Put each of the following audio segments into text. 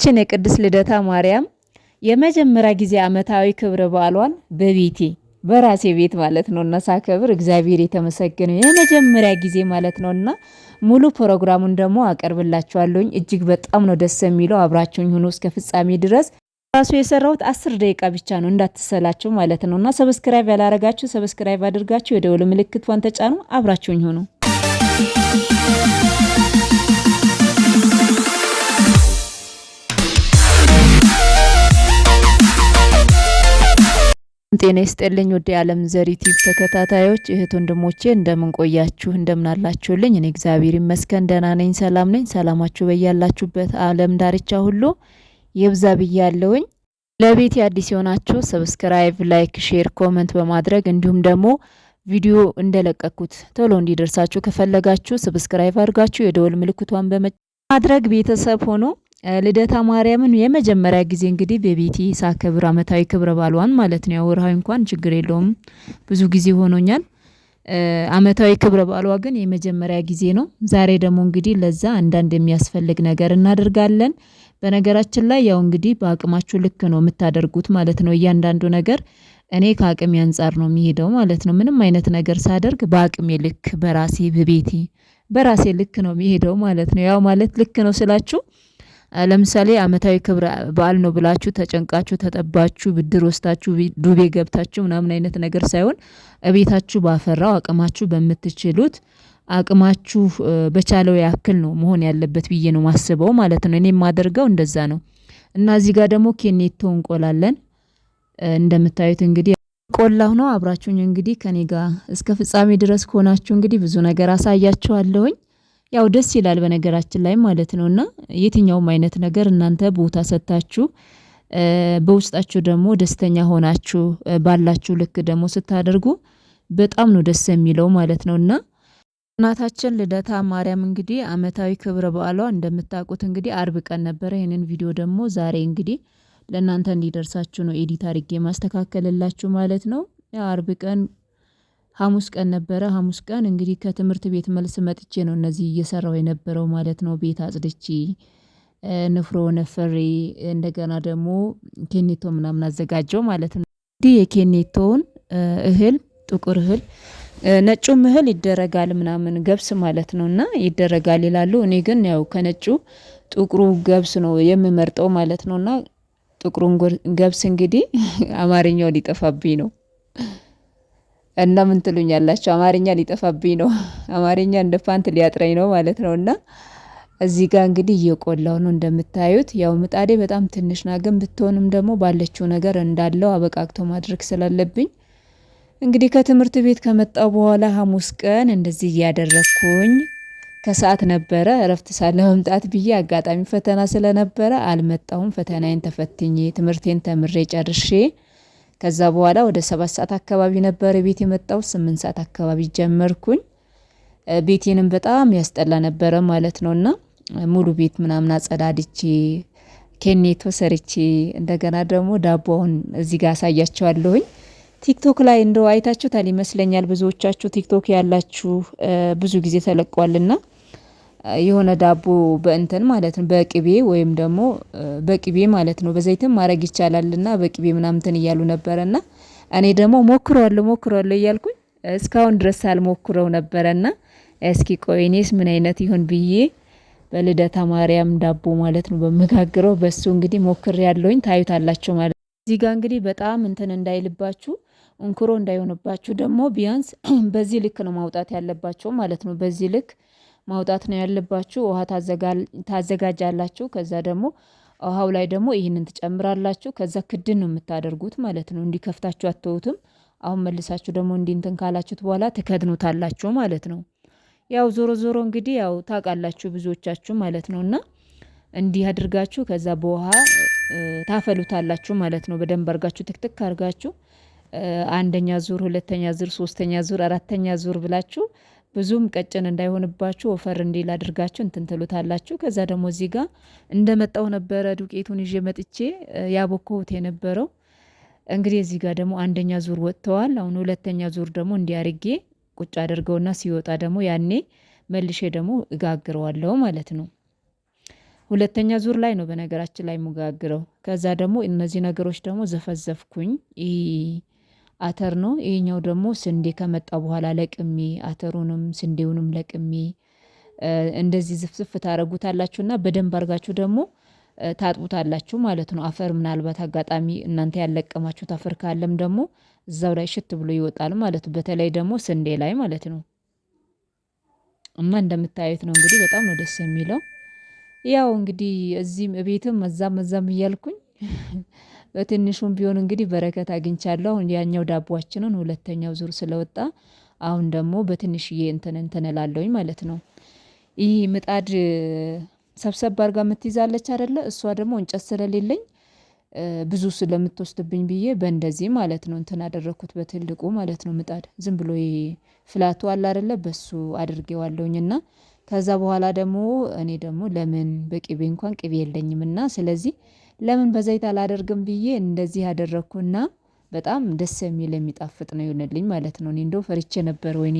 የእመቤታችን የቅድስት ልደታ ማርያም የመጀመሪያ ጊዜ ዓመታዊ ክብረ በዓሏን በቤቴ በራሴ ቤት ማለት ነው እና ሳከብር እግዚአብሔር የተመሰገነ የመጀመሪያ ጊዜ ማለት ነው እና ሙሉ ፕሮግራሙን ደግሞ አቀርብላችኋለሁኝ። እጅግ በጣም ነው ደስ የሚለው። አብራችሁኝ ሁኑ እስከ ፍጻሜ ድረስ ራሱ የሰራሁት አስር ደቂቃ ብቻ ነው እንዳትሰላችሁ ማለት ነው እና ሰብስክራይብ ያላረጋችሁ ሰብስክራይብ አድርጋችሁ ምልክት ዋን ተጫኑ። አብራችሁኝ ሁኑ። ጤና ይስጥልኝ ወደ የዓለም ዘር ቲቪ ተከታታዮች እህት ወንድሞቼ እንደምን ቆያችሁ? እንደምን አላችሁልኝ? እኔ እግዚአብሔር ይመስገን ደህና ነኝ፣ ሰላም ነኝ። ሰላማችሁ በያላችሁበት ዓለም ዳርቻ ሁሉ ይብዛ ብያለውኝ። ለቤት አዲስ የሆናችሁ ሰብስክራይብ፣ ላይክ፣ ሼር፣ ኮመንት በማድረግ እንዲሁም ደግሞ ቪዲዮ እንደለቀኩት ቶሎ እንዲደርሳችሁ ከፈለጋችሁ ሰብስክራይብ አድርጋችሁ የደወል ምልክቷን በመ ማድረግ ቤተሰብ ሆኖ ልደታ ማርያምን የመጀመሪያ ጊዜ እንግዲህ በቤቴ ሳከብር አመታዊ ክብረ በዓሏን ማለት ነው። ወርሃዊ እንኳን ችግር የለውም ብዙ ጊዜ ሆኖኛል። አመታዊ ክብረ በዓሏ ግን የመጀመሪያ ጊዜ ነው። ዛሬ ደግሞ እንግዲህ ለዛ አንዳንድ የሚያስፈልግ ነገር እናደርጋለን። በነገራችን ላይ ያው እንግዲህ በአቅማችሁ ልክ ነው የምታደርጉት ማለት ነው። እያንዳንዱ ነገር እኔ ከአቅሜ አንጻር ነው የሚሄደው ማለት ነው። ምንም አይነት ነገር ሳደርግ በአቅሜ ልክ በራሴ በቤቴ በራሴ ልክ ነው የሚሄደው ማለት ነው። ያው ማለት ልክ ነው ስላችሁ ለምሳሌ አመታዊ ክብረ በዓል ነው ብላችሁ ተጨንቃችሁ ተጠባችሁ ብድር ወስታችሁ ዱቤ ገብታችሁ ምናምን አይነት ነገር ሳይሆን እቤታችሁ ባፈራው አቅማችሁ በምትችሉት አቅማችሁ በቻለው ያክል ነው መሆን ያለበት ብዬ ነው ማስበው ማለት ነው። እኔ የማደርገው እንደዛ ነው እና እዚህ ጋር ደግሞ ኬኔቶ እንቆላለን። እንደምታዩት እንግዲህ ቆላሁ ነው። አብራችሁኝ እንግዲህ ከኔ ጋር እስከ ፍጻሜ ድረስ ከሆናችሁ እንግዲህ ብዙ ነገር አሳያችኋለሁኝ። ያው ደስ ይላል በነገራችን ላይ ማለት ነው። እና የትኛውም አይነት ነገር እናንተ ቦታ ሰጥታችሁ በውስጣችሁ ደግሞ ደስተኛ ሆናችሁ ባላችሁ ልክ ደግሞ ስታደርጉ በጣም ነው ደስ የሚለው ማለት ነው። እና እናታችን ልደታ ማርያም እንግዲህ አመታዊ ክብረ በዓሏ እንደምታውቁት እንግዲህ አርብ ቀን ነበረ። ይህንን ቪዲዮ ደግሞ ዛሬ እንግዲህ ለእናንተ እንዲደርሳችሁ ነው ኤዲት አድርጌ ማስተካከልላችሁ ማለት ነው። አርብ ቀን ሀሙስ ቀን ነበረ ሀሙስ ቀን እንግዲህ ከትምህርት ቤት መልስ መጥቼ ነው እነዚህ እየሰራው የነበረው ማለት ነው። ቤት አጽድቼ ንፍሮ ነፈሬ እንደገና ደግሞ ኬኔቶ ምናምን አዘጋጀው ማለት ነው። እንግዲህ የኬኔቶውን እህል ጥቁር እህል ነጩም እህል ይደረጋል ምናምን ገብስ ማለት ነው እና ይደረጋል ይላሉ እኔ ግን ያው ከነጩ ጥቁሩ ገብስ ነው የምመርጠው ማለት ነው። እና ጥቁሩን ገብስ እንግዲህ አማርኛው ሊጠፋብኝ ነው። እና ምን ትሉኛላችሁ? አማርኛ ሊጠፋብኝ ነው። አማርኛ እንደ ፓንት ሊያጥረኝ ነው ማለት ነው። እና እዚህ ጋር እንግዲህ እየቆላው ነው እንደምታዩት። ያው ምጣዴ በጣም ትንሽ ና ግን ብትሆንም ደግሞ ባለችው ነገር እንዳለው አበቃቅቶ ማድረግ ስላለብኝ እንግዲህ ከትምህርት ቤት ከመጣው በኋላ ሐሙስ ቀን እንደዚህ እያደረግኩኝ ከሰዓት ነበረ እረፍት ሳለ ብዬ አጋጣሚ ፈተና ስለነበረ አልመጣውም ፈተናዬን ተፈትኜ ትምህርቴን ተምሬ ጨርሼ ከዛ በኋላ ወደ ሰባት ሰዓት አካባቢ ነበር ቤት የመጣው። ስምንት ሰዓት አካባቢ ጀመርኩኝ። ቤቴንም በጣም ያስጠላ ነበረ ማለት ነው እና ሙሉ ቤት ምናምን አጸዳድቼ ኬኔቶ ሰርቼ እንደገና ደግሞ ዳቦውን እዚህ ጋር አሳያቸዋለሁኝ። ቲክቶክ ላይ እንደው አይታችሁታል ይመስለኛል ብዙዎቻችሁ ቲክቶክ ያላችሁ ብዙ ጊዜ ተለቋልና የሆነ ዳቦ በእንትን ማለት ነው በቅቤ ወይም ደግሞ በቅቤ ማለት ነው በዘይትም ማድረግ ይቻላል ና በቅቤ ምናምንትን እያሉ ነበረ ና እኔ ደግሞ ሞክረዋለሁ ሞክረዋለሁ እያልኩኝ እስካሁን ድረስ ነበረ ነበረና እስኪ ቆይኔስ ምን አይነት ይሆን ብዬ በልደታ ማርያም ዳቦ ማለት ነው በመጋግረው በሱ እንግዲህ ሞክር ያለውኝ ታዩታላቸው ማለት ነው። እዚህ ጋር እንግዲህ በጣም እንትን እንዳይልባችሁ እንክሮ እንዳይሆንባችሁ ደግሞ ቢያንስ በዚህ ልክ ነው ማውጣት ያለባቸው ማለት ነው በዚህ ልክ ማውጣት ነው ያለባችሁ። ውሃ ታዘጋጃላችሁ። ከዛ ደግሞ ውሃው ላይ ደግሞ ይህንን ትጨምራላችሁ። ከዛ ክድን ነው የምታደርጉት ማለት ነው። እንዲከፍታችሁ አትተውትም። አሁን መልሳችሁ ደግሞ እንዲንትን ካላችሁት በኋላ ትከድኑታላችሁ ማለት ነው። ያው ዞሮ ዞሮ እንግዲህ ያው ታውቃላችሁ ብዙዎቻችሁ ማለት ነው። እና እንዲህ አድርጋችሁ ከዛ በውሃ ታፈሉታላችሁ ማለት ነው። በደንብ አርጋችሁ ትክትክ አርጋችሁ አንደኛ ዙር፣ ሁለተኛ ዙር፣ ሶስተኛ ዙር፣ አራተኛ ዙር ብላችሁ ብዙም ቀጭን እንዳይሆንባችሁ ወፈር እንዲል አድርጋችሁ እንትን ትሉታላችሁ። ከዛ ደግሞ እዚህ ጋር እንደመጣው ነበረ ዱቄቱን ይዤ መጥቼ ያቦኮሁት የነበረው እንግዲህ እዚህ ጋር ደግሞ አንደኛ ዙር ወጥተዋል። አሁን ሁለተኛ ዙር ደግሞ እንዲያርጌ ቁጭ አድርገውና ሲወጣ ደግሞ ያኔ መልሼ ደግሞ እጋግረዋለሁ ማለት ነው። ሁለተኛ ዙር ላይ ነው በነገራችን ላይ የምጋግረው። ከዛ ደግሞ እነዚህ ነገሮች ደግሞ ዘፈዘፍኩኝ አተር ነው። ይሄኛው ደግሞ ስንዴ ከመጣ በኋላ ለቅሜ አተሩንም ስንዴውንም ለቅሜ እንደዚህ ዝፍዝፍ ታደርጉታላችሁና በደንብ አድርጋችሁ ደግሞ ታጥቡታላችሁ ማለት ነው። አፈር ምናልባት አጋጣሚ እናንተ ያለቀማችሁት አፈር ካለም ደግሞ እዛው ላይ ሽት ብሎ ይወጣል ማለት ነው። በተለይ ደግሞ ስንዴ ላይ ማለት ነው። እና እንደምታዩት ነው እንግዲህ በጣም ነው ደስ የሚለው። ያው እንግዲህ እዚህም ቤትም እዛም እዛም እያልኩኝ በትንሹም ቢሆን እንግዲህ በረከት አግኝቻለሁ። አሁን ያኛው ዳቦአችንን ሁለተኛው ዙር ስለወጣ አሁን ደግሞ በትንሽዬ እንትን እንትን ማለት ነው። ይህ ምጣድ ሰብሰብ አድርጋ የምትይዛለች አደለ? እሷ ደግሞ እንጨት ስለሌለኝ ብዙ ስለምትወስድብኝ ብዬ በእንደዚህ ማለት ነው እንትን አደረግኩት በትልቁ ማለት ነው። ምጣድ ዝም ብሎ ፍላቱ አለ አደለ? በሱ አድርጌዋለውኝ እና ከዛ በኋላ ደግሞ እኔ ደግሞ ለምን በቅቤ እንኳን ቅቤ የለኝም እና ስለዚህ ለምን በዘይት አላደርግም ብዬ እንደዚህ ያደረግኩና በጣም ደስ የሚል የሚጣፍጥ ነው ይሆንልኝ ማለት ነው። እኔ እንደው ፈርቼ ነበር ወይኔ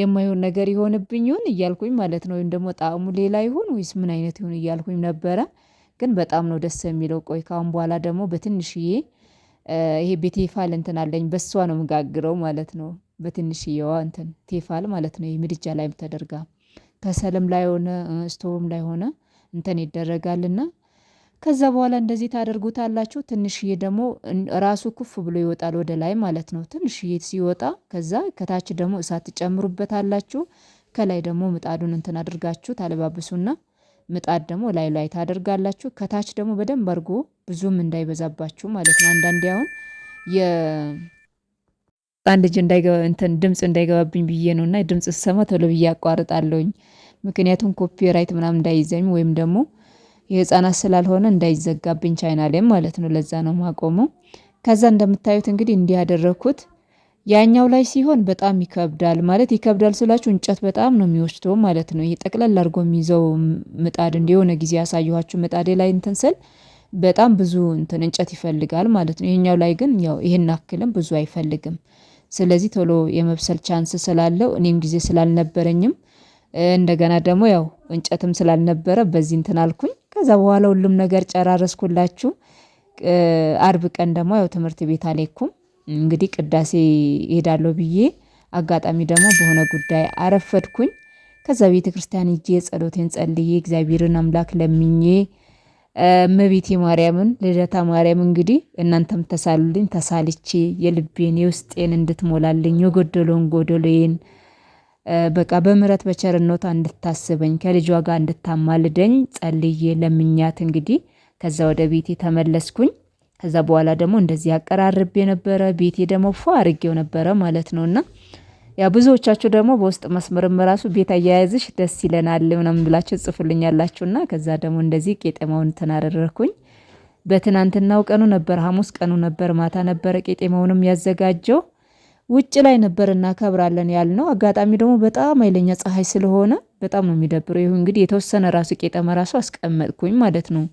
የማይሆን ነገር ይሆንብኝ ይሆን እያልኩኝ ማለት ነው። ወይም ደግሞ ጣዕሙ ሌላ ይሆን ወይስ ምን አይነት ይሆን እያልኩኝ ነበረ። ግን በጣም ነው ደስ የሚለው። ቆይ ካሁን በኋላ ደግሞ በትንሽዬ ይሄ በቴፋል እንትን አለኝ በሷ ነው የምጋግረው ማለት ነው። በትንሽዬዋ እንትን ቴፋል ማለት ነው ምድጃ ላይም ተደርጋ ከሰልም ላይ ሆነ ስቶቭም ላይ ሆነ እንትን ይደረጋልና ከዛ በኋላ እንደዚህ ታደርጉታላችሁ። ትንሽዬ ደግሞ ራሱ ኩፍ ብሎ ይወጣል ወደ ላይ ማለት ነው። ትንሽዬ ሲወጣ ከዛ ከታች ደግሞ እሳት ትጨምሩበታላችሁ። ከላይ ደግሞ ምጣዱን እንትን አድርጋችሁ ታለባብሱና ምጣድ ደግሞ ላይ ላይ ታደርጋላችሁ። ከታች ደግሞ በደንብ አድርጎ ብዙም እንዳይበዛባችሁ ማለት ነው። አንዳንዴ አሁን የህፃን ልጅ እንዳይገባ እንትን ድምፅ እንዳይገባብኝ ብዬ ነው እና ድምፅ ስሰማ ቶሎ ብዬ አቋርጣለሁኝ። ምክንያቱም ኮፒራይት ምናምን እንዳይዘኝ ወይም ደግሞ የህፃናት ስላልሆነ እንዳይዘጋብኝ ላይም ማለት ነው። ለዛ ነው የማቆመው። ከዛ እንደምታዩት እንግዲህ እንዲያደረግኩት ያኛው ላይ ሲሆን በጣም ይከብዳል። ማለት ይከብዳል ስላችሁ እንጨት በጣም ነው የሚወስደው ማለት ነው። ይሄ ጠቅለል አድርጎ የሚይዘው ምጣድ የሆነ ጊዜ ያሳየኋችሁ ምጣዴ ላይ እንትን ስል በጣም ብዙ እንትን እንጨት ይፈልጋል ማለት ነው። ይሄኛው ላይ ግን ያው ይሄን አክልም ብዙ አይፈልግም። ስለዚህ ቶሎ የመብሰል ቻንስ ስላለው እኔም ጊዜ ስላልነበረኝም እንደገና ደግሞ ያው እንጨትም ስላልነበረ በዚህ እንትን አልኩኝ ከዛ በኋላ ሁሉም ነገር ጨራረስኩላችሁ። አርብ ቀን ደግሞ ያው ትምህርት ቤት አልሄድኩም። እንግዲህ ቅዳሴ እሄዳለሁ ብዬ አጋጣሚ ደግሞ በሆነ ጉዳይ አረፈድኩኝ። ከዛ ቤተክርስቲያን ሄጄ ጸሎቴን ጸልዬ እግዚአብሔርን አምላክ ለምኜ እመቤቴ ማርያምን ልደታ ማርያም እንግዲህ እናንተም ተሳሉልኝ ተሳልቼ የልቤን የውስጤን እንድትሞላልኝ የጎደለውን ጎደሎዬን በቃ በምረት በቸርነቷ እንድታስበኝ ከልጇ ጋር እንድታማልደኝ ጸልዬ ለምኛት እንግዲህ ከዛ ወደ ቤቴ ተመለስኩኝ። ከዛ በኋላ ደግሞ እንደዚህ አቀራርቤ ነበረ ቤቴ ደግሞ ፎ አርጌው ነበረ ማለት ነው። እና ያ ብዙዎቻችሁ ደግሞ በውስጥ መስመርም ራሱ ቤት አያያዝሽ ደስ ይለናል ምናምን ብላችሁ ጽፉልኛላችሁና ከዛ ደግሞ እንደዚህ ቄጤማውን ተናደረኩኝ። በትናንትናው ቀኑ ነበር ሐሙስ ቀኑ ነበር ማታ ነበረ ቄጤማውንም ያዘጋጀው ውጭ ላይ ነበር እናከብራለን ያልነው። አጋጣሚ ደግሞ በጣም ኃይለኛ ፀሐይ ስለሆነ በጣም ነው የሚደብረው። ይሁን እንግዲህ የተወሰነ ራሱ ቄጠማ ራሱ አስቀመጥኩኝ ማለት ነው።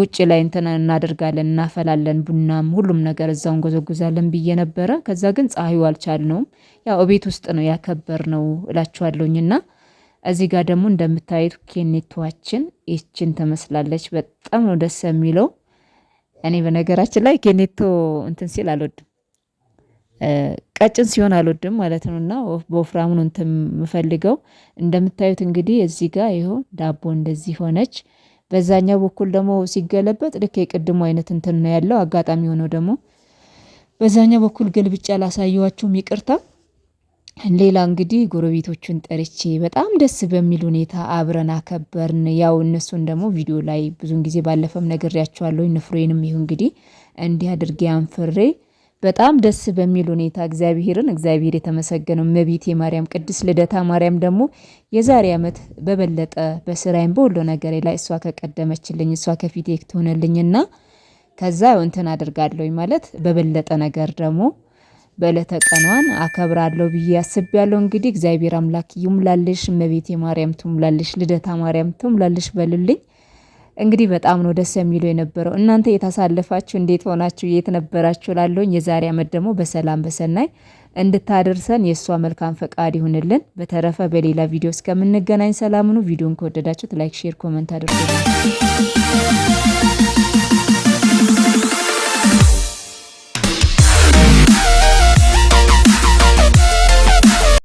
ውጭ ላይ እንትን እናደርጋለን እናፈላለን፣ ቡናም ሁሉም ነገር እዛው እንጎዘጉዛለን ብዬ ነበረ። ከዛ ግን ፀሐዩ አልቻልነውም። ያው ቤት ውስጥ ነው ነው እላችኋለሁኝ። እና እዚህ ጋር ደግሞ እንደምታዩት ኬኔቷችን ይችን ትመስላለች። በጣም ነው ደስ የሚለው። እኔ በነገራችን ላይ ኬኔቶ እንትን ሲል አልወድም ቀጭን ሲሆን አልወድም ማለት ነው እና በወፍራሙ ነው እንትን የምፈልገው። እንደምታዩት እንግዲህ እዚህ ጋር ይኸው ዳቦ እንደዚህ ሆነች። በዛኛው በኩል ደግሞ ሲገለበጥ ልክ የቅድሙ አይነት እንትን ነው ያለው። አጋጣሚ ሆነው ደግሞ በዛኛው በኩል ገልብጫ አላሳየዋችሁም ይቅርታ። ሌላ እንግዲህ ጎረቤቶቹን ጠርቼ በጣም ደስ በሚል ሁኔታ አብረን አከበርን። ያው እነሱን ደግሞ ቪዲዮ ላይ ብዙን ጊዜ ባለፈም ነግሬያቸዋለሁ። ንፍሬንም ይሁን እንግዲህ እንዲህ አድርጌ አንፍሬ በጣም ደስ በሚል ሁኔታ እግዚአብሔርን እግዚአብሔር የተመሰገነው መቤት የማርያም ቅድስት ልደታ ማርያም ደግሞ የዛሬ ዓመት በበለጠ በስራይም በሁሉ ነገር ላይ እሷ ከቀደመችልኝ እሷ ከፊቴ ትሆነልኝና ከዛ እንትን አድርጋለሁኝ ማለት በበለጠ ነገር ደግሞ በዕለተ ቀኗን አከብራለሁ ብዬ ያለው እንግዲህ እግዚአብሔር አምላክ ይሙላልሽ፣ እመቤቴ ማርያም ትሙላልሽ፣ ልደታ ማርያም ትሙላልሽ በልልኝ። እንግዲህ በጣም ነው ደስ የሚለው የነበረው። እናንተ የታሳለፋችሁ እንዴት ሆናችሁ የት ነበራችሁ? ላለሁኝ የዛሬ አመት ደግሞ በሰላም በሰናይ እንድታደርሰን የእሷ መልካም ፈቃድ ይሁንልን። በተረፈ በሌላ ቪዲዮ እስከምንገናኝ ሰላም ቪዲዮን ከወደዳችሁት ላይክ፣ ሼር፣ ኮመንት አድርጉ።